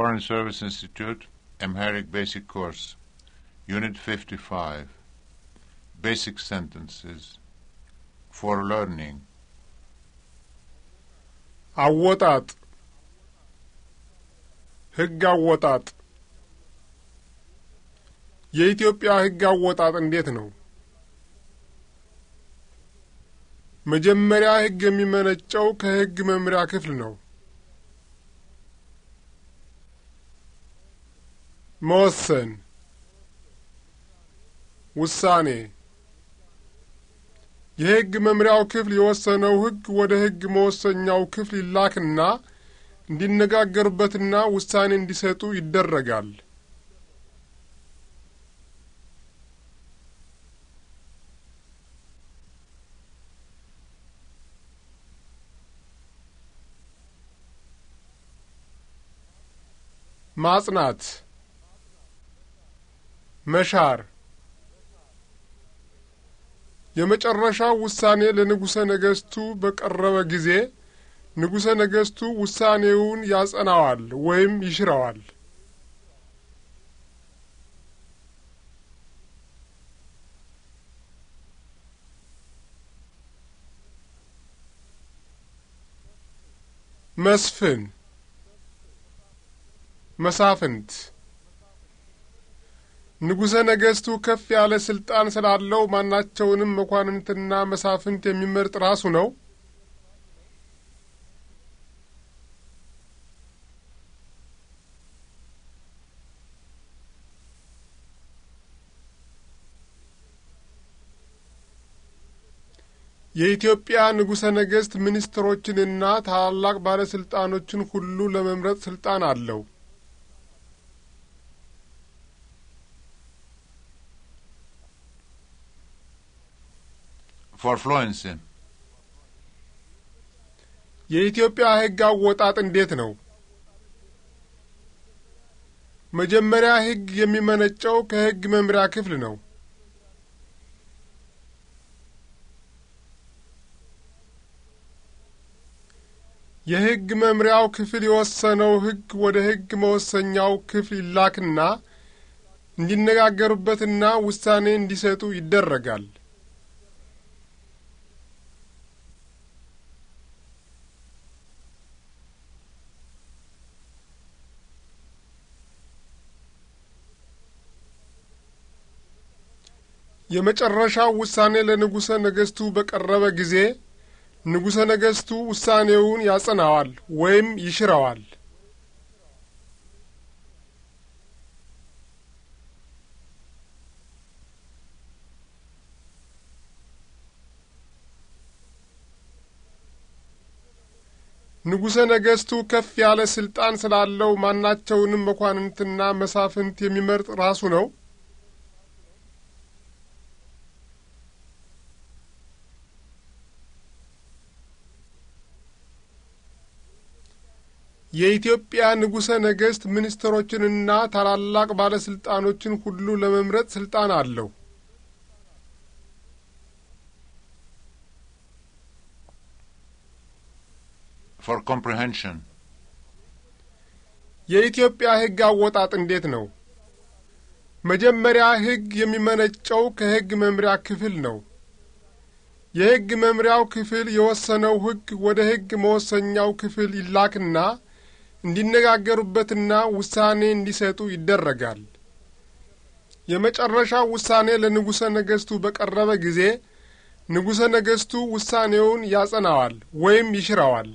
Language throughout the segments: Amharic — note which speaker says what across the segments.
Speaker 1: Foreign Service Institute Amharic Basic Course, Unit 55 Basic Sentences for Learning. አወጣጥ higga awotat የኢትዮጵያ ህግ አወጣጥ እንዴት ነው? መጀመሪያ ህግ የሚመነጨው ከህግ መምሪያ ክፍል ነው። መወሰን ውሳኔ የሕግ መምሪያው ክፍል የወሰነው ሕግ ወደ ሕግ መወሰኛው ክፍል ይላክና እንዲነጋገሩበትና ውሳኔ እንዲሰጡ ይደረጋል። ማጽናት መሻር የመጨረሻው ውሳኔ ለንጉሠ ነገሥቱ በቀረበ ጊዜ ንጉሠ ነገሥቱ ውሳኔውን ያጸናዋል ወይም ይሽረዋል። መስፍን መሳፍንት ንጉሠ ነገሥቱ ከፍ ያለ ሥልጣን ስላለው ማናቸውንም መኳንንትና መሳፍንት የሚመርጥ ራሱ ነው? የኢትዮጵያ ንጉሠ ነገሥት ሚኒስትሮችንና ታላላቅ ባለሥልጣኖችን ሁሉ ለመምረጥ ሥልጣን አለው። for የኢትዮጵያ ሕግ አወጣጥ እንዴት ነው? መጀመሪያ ሕግ የሚመነጨው ከሕግ መምሪያ ክፍል ነው። የሕግ መምሪያው ክፍል የወሰነው ሕግ ወደ ሕግ መወሰኛው ክፍል ይላክና እንዲነጋገሩበትና ውሳኔ እንዲሰጡ ይደረጋል። የመጨረሻው ውሳኔ ለንጉሠ ነገሥቱ በቀረበ ጊዜ ንጉሠ ነገሥቱ ውሳኔውን ያጸናዋል ወይም ይሽረዋል። ንጉሠ ነገሥቱ ከፍ ያለ ሥልጣን ስላለው ማናቸውንም መኳንንትና መሳፍንት የሚመርጥ ራሱ ነው። የኢትዮጵያ ንጉሠ ነገሥት ሚኒስትሮችንና ታላላቅ ባለሥልጣኖችን ሁሉ ለመምረጥ ሥልጣን አለው። ፎር comprehension የኢትዮጵያ ሕግ አወጣጥ እንዴት ነው? መጀመሪያ ሕግ የሚመነጨው ከሕግ መምሪያ ክፍል ነው። የሕግ መምሪያው ክፍል የወሰነው ሕግ ወደ ሕግ መወሰኛው ክፍል ይላክና እንዲነጋገሩበትና ውሳኔ እንዲሰጡ ይደረጋል። የመጨረሻው ውሳኔ ለንጉሠ ነገሥቱ በቀረበ ጊዜ ንጉሠ ነገሥቱ ውሳኔውን ያጸናዋል ወይም ይሽረዋል።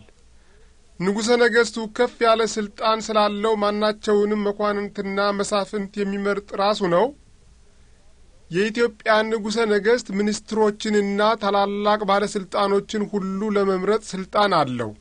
Speaker 1: ንጉሠ ነገሥቱ ከፍ ያለ ሥልጣን ስላለው ማናቸውንም መኳንንትና መሳፍንት የሚመርጥ ራሱ ነው። የኢትዮጵያ ንጉሠ ነገሥት ሚኒስትሮችንና ታላላቅ ባለሥልጣኖችን ሁሉ ለመምረጥ ሥልጣን አለው።